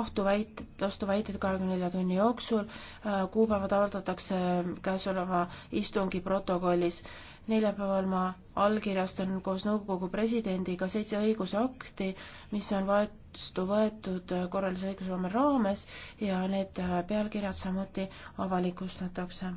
ohtuväited, vastuväited kahekümne nelja tunni jooksul. Äh, kuupäevad avaldatakse käesoleva istungi protokollis. neljapäeval ma allkirjastan koos nõukogu presidendiga seitse õigusakti, mis on vastu võetud korralise õigusloome raames ja need äh, pealkirjad samuti avalikustatakse